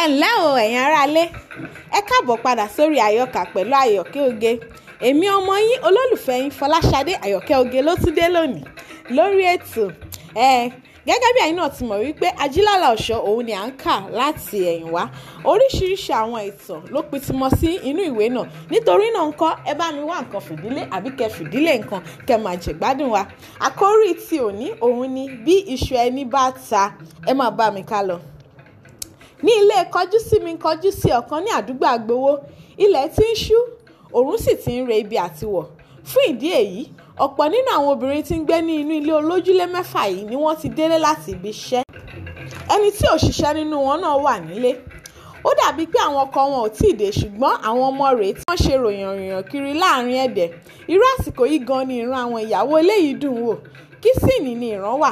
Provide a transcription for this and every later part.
ẹ ǹlẹ́ o ẹ̀yin aráalé ẹ káàbọ̀ padà sórí àyọkà pẹ̀lú àyọkẹ́ oge èmi ọmọ yín olólùfẹ́ yín fọláṣadé àyọkẹ́ oge ló tún dé lónìí lórí ètò ẹ gẹ́gẹ́ bí ẹ̀yin náà ti mọ̀ wípé ajílàlà ọ̀ṣọ́ òun ni à ń kà láti ẹ̀yìn wá oríṣiríṣi àwọn ìtàn ló pitimọ sí inú ìwé náà nítorí náà ń kọ́ ẹ bá mi wá nǹkan fìdílé àbí kẹ fìdílé nǹkan kẹ máa jẹ̀gbádùn wa àkórí ti òní òun ni bí iṣu ẹni bá ta ẹ máa bá mi ká lọ ní ilé kọjú sí mi kọjú sí ọ̀kan ní àdúgbò àgbowó ilẹ̀ ti ń ṣú òòrùn sì ti ń re ibi àtiwọ̀ fún ìdí èyí ọ̀pọ̀ nínú àwọn obìnrin tí ń gbé ní inú ilé olójúlé mẹ́fà yìí ni wọ́n ti délé láti ibi iṣẹ́ ẹni tí òṣìṣẹ́ nínú wọn náà wà nílé ó dàbí pé àwọn ọkọ wọn ò tí ì dé ṣùgbọ́n àwọn ọmọ rẹ̀ tí wọ́n ṣe ròyàn ròyàn kiri láàrin ẹ̀dẹ̀ irú àsìkò yìí gan ni ìran àwọn ìyàwó eléyìí dùn wò kí sì ní ni ìran wà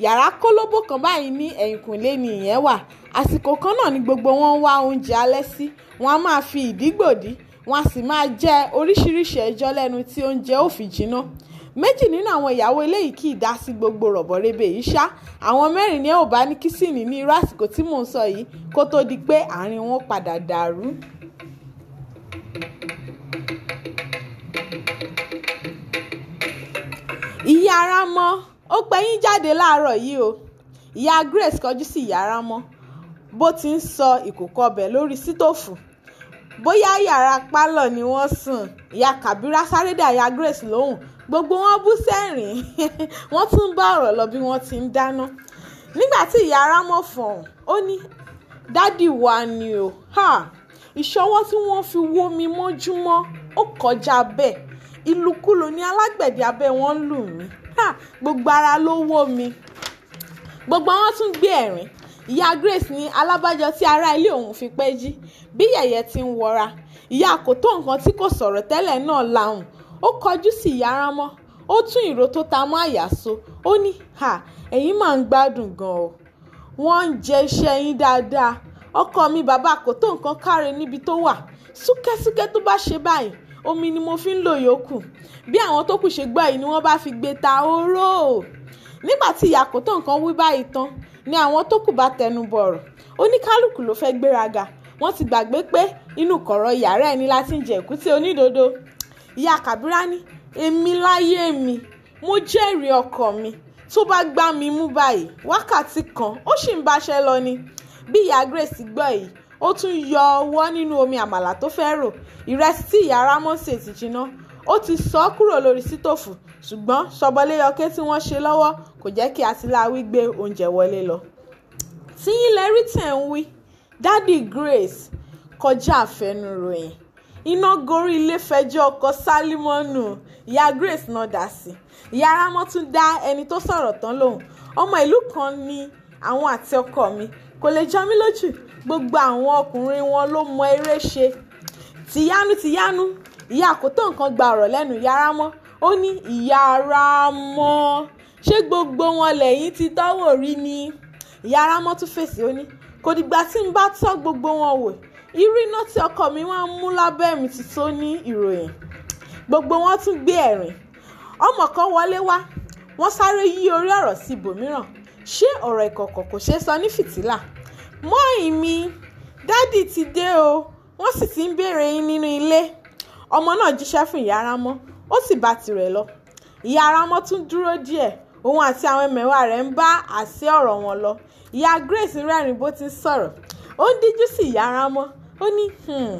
yàrá kólóbó kan báyìí ní ẹ̀yìnkùnlé ni ìyẹn wà àsìkò kan náà ni gbogbo wọn ń wá oúnjẹ alẹ́ sí wọn a máa fi ìdígbòdí wọn a sì máa jẹ oríṣiríṣi ẹjọ́ lẹ́nu tí oúnjẹ ò fi jinná méjì nínú àwọn ìyàwó ilé yìí kì í dá sí gbogbo rọ̀bọ̀rebe yìí ṣá àwọn mẹ́rin ni ẹ ò bá ní kìsìnì ní irú àsìkò tí mò ń sọ yìí kó tó di pé àárín wọn padà dàrú. ìyá ara mọ́ ó pẹ́ yín jáde láàárọ̀ yìí o ìyá Grace kọjú sí yàrá mọ́ bó ti ń sọ ìkòkò ọbẹ̀ lórí sítòfù bóyá yàrá pálọ̀ ni wọ́n sùn ìyá Kàbírá sáré dá ìyá Grace lóhùn gbogbo wọn bú sẹ́rìn wọ́n tún bá ọ̀rọ̀ lọ bí wọ́n ti ń dáná nígbà tí ìyá Rámọ̀fọ̀n ó ní dádì wa ni o ìṣọwọ́ tí wọ́n fi wómi mọ́júmọ́ ó kọjá bẹ́ẹ̀ ìlùkulù ni alágbẹ̀dẹ abẹ́ wọn ń lù mí gbogbo ara ló wó mi gbogbo wọn tún gbé ẹ̀rín ìyá Grace ní alábàjọ tí ará ilé òun fi pẹ́ jí bí yẹ̀yẹ́ ti ń wọra ìyá kò tó nǹkan tí kò sọ̀rọ̀ tẹ́lẹ̀ náà lahùn ó kọjú sí ìyá rámọ́ ó tún ìró tó ta mọ́ àyà so ó ní ẹ̀yin máa ń gbádùn gan o wọ́n ń jẹ iṣẹ́ yín dáadáa ọkọ mi bàbá kò tó nǹkan káre níbi tó wà súkẹ́súkẹ́ tó bá ṣe báyìí omi ni mo fi ń lò yòókù bí àwọn tó kù ṣe gbọ́ yìí ni wọ́n bá fi gbé ta oró nígbà tí ìyá àkótó nǹkan wí báyìí tán ni àwọn tó kù bá tẹnu bọ̀rọ̀ oníkálukú ló fẹ́ gbéraga wọ́n ti gbàgbé pé inú kọ̀rọ̀ yàrá ẹni láti ń jẹ èkúté onídodo ìyá kàbírá ní èmi láyé mi mo jẹ́rìí ọkọ mi tó bá gbá mi mú báyìí wákàtí kan ó sì ń báṣẹ́ lọ ni bí ìyá Grace gbọ́ yìí ó tún yọ ọwọ́ nínú omi àmàlà tó fẹ́ rò ìrẹsì tí ìyá rámọ́sè ti jiná ó ti sọ ọ́ kúrò lórí sítòfù ṣùgbọ́n ṣọbọléyọké tí wọ́n ṣe lọ́wọ́ kò jẹ́ kí àtìláwí gbé oúnjẹ wọlé lọ. tíyín lẹ́rí ń wí dádì Grace kọjá àfẹnuròyìn iná gorí ilé fẹjọ́ ọkọ sálímọ́nù ìyá Grace náà dá sí ìyá rámọ́ tún dá ẹni tó sọ̀rọ̀ tán lóhùn ọmọ ìlú kan ní àwọn àti ọkọ mi kò lè jọ mí lójú gbogbo àwọn ọkùnrin wọn ló mọ eré ṣe tìyanu tìyanu ìyá àkótó nǹkan gba ọ̀rọ̀ lẹ́nu yàrá mọ́ ó ní ìyára mọ́ ṣé gbogbo wọn lẹ́yìn ti dánwò rí ni ìyára mọ́ tún fèsì ó ní kò dìgbà tí n bá tọ́ gbogbo wọn wò irú iná tí ọkọ mi wá mú lábẹ́ mi ti tó ní ìròyìn gbogbo wọn tún gbé ẹ̀rín ọmọ kan wọlé wá wọ́n sáré yí orí ọ̀rọ̀ sí ibòmíràn ṣé ọ̀rọ̀ ìkọ̀kọ̀ kò ṣeé sọ ní fìtílà mọ́ì mi dádì ti dé o wọ́n sì ti ń béèrè yín nínú ilé ọmọ náà jíṣẹ́ fún ìyá aramọ́ ó sì bá tirẹ̀ lọ ìyá aramọ́ tún dúró díẹ̀ òun àti àwọn ẹmẹ̀wà rẹ̀ ń bá àsé ọ̀rọ̀ wọn lọ ìyá Grace ń rẹ́rìn bó ti ń sọ̀rọ̀ ó ń díjú sí ìyá aramọ́ ó ní hmm,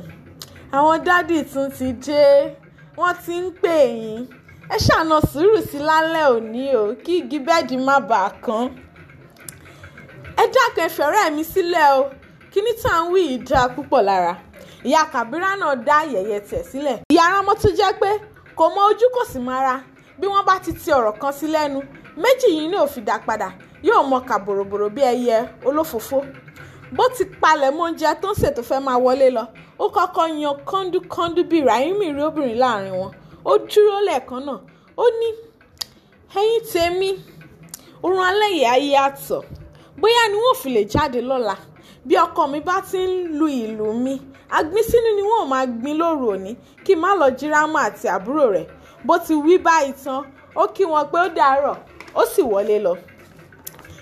àwọn dádì tún ti dé wọ́n ti ń pè yín ẹ ṣàna sùúrù sí lálẹ́ òní o kí igi bẹ́ẹ̀dì má bàa kán ẹ dákun ẹ fẹ̀rẹ̀ mi sílẹ̀ o kíní tá à ń wí ìdá púpọ̀ lára ìyá kàbírà náà dá yẹ̀yẹ́ tiẹ̀ sílẹ̀ ìyá arámọ́ tó jẹ́ pé kò mọ ojú kò sì mọ ara bí wọ́n bá ti ti ọ̀rọ̀ kan sí lẹ́nu méjì yìí ni òfin dá padà yóò mọ kà bòròbòrò bí ẹyẹ olófòfó bó ti palẹ̀ mọ́ oúnjẹ tó ń ṣètò fẹ́ máa wọlé lọ ó kọ́kọ́ yan kọ́ńdúkọ́ńdú bíi ràhímìrì obìnrin láàrin wọn ó dúró lẹ́ẹ̀kan náà ó ní ẹ̀yin tèmi oorun alẹ́ yìí ayé àtọ̀ bóyá ni wọn ò fi lè jáde lọ́la bí ọkọ mi bá ti ń lu ìlú mi agbínsínú ni wọn ò máa gbin lóru òní kí n má lọ jírámù àti àbúrò rẹ̀ bó ti wí báyìí tán ó kí wọn pé ó dàárọ̀ ó sì wọlé lọ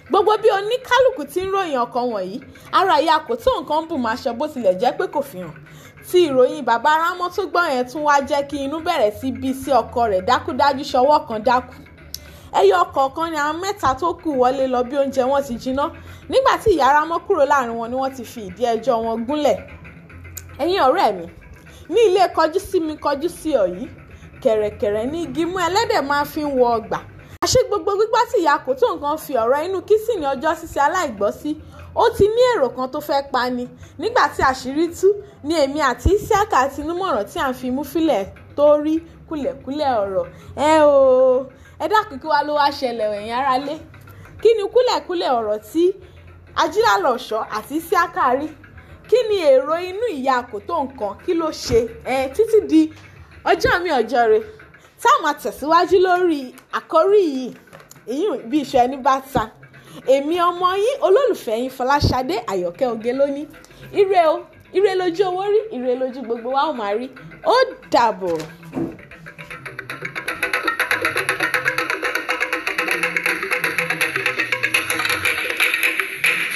gbogbo bí oníkálukú ti ń ròyìn ọkọ wọ̀nyí ara ìyá kò tó nǹkan bù máa ṣọ bó tilẹ̀ jẹ́ pé kò fi hàn tí ìròyìn bàbá rámọ́ tó gbọ́ yẹn tún wá jẹ́ kí inú bẹ̀rẹ̀ sí bí sí ọkọ rẹ̀ dákúdájú ṣọwọ́ kan dákú ẹyọ kọ̀ọ̀kan ni àwọn mẹ́ta tó kù wọlé lọ bí oúnjẹ wọn ti jiná nígbà tí ìyá Rámọ́ kúrò láàrin wọn ni wọ́n ti fi ìdí ẹjọ́ wọn gúnlẹ̀ ẹ̀yin ọ̀rẹ́ mi ní ilé kọjú sí mi kọjú sí ọ yìí kẹ̀rẹ̀kẹ̀rẹ̀ ní igi mú ẹlẹ́dẹ̀ máa fi ń wọ ọgbà àṣé gbogbo gbígbá tí ìyá kò tó nǹkan fi ọ̀rọ̀ inú kìsìnì ọjọ́ ṣíṣe aláìgbọ́sí ó ti ní èrò kan tó fẹ́ẹ́ pa ni nígbà tí àṣírí tú ni èmi àti Isiaka ti númọ̀ràn tí à ń fi mú fílẹ̀ tó rí kúlẹ̀kúlẹ̀ ọ̀rọ̀ ẹ o ẹ dákun kí wá ló wá ṣẹlẹ̀ ẹ̀yin aráalé kí ni kúlẹ̀kúlẹ̀ ọ̀rọ̀ tí ajílàlọ́ṣọ́ àti síákà rí kí ni èrò inú ìyá àkótó nǹkan kí ló ṣe ẹ títí di ọjọ́ mi ọjọ́ re tá a máa tẹ̀síwájú lórí àkórí yìí ìyún bí iṣu ẹni bá ta èmi ọmọ yín olólùfẹ́ yín Fọláṣadé Àyọ̀kẹ́ Ogelóní ire o ire lójú owó rí ire lójú gbogbo wa ó máa rí ó dàbọ̀.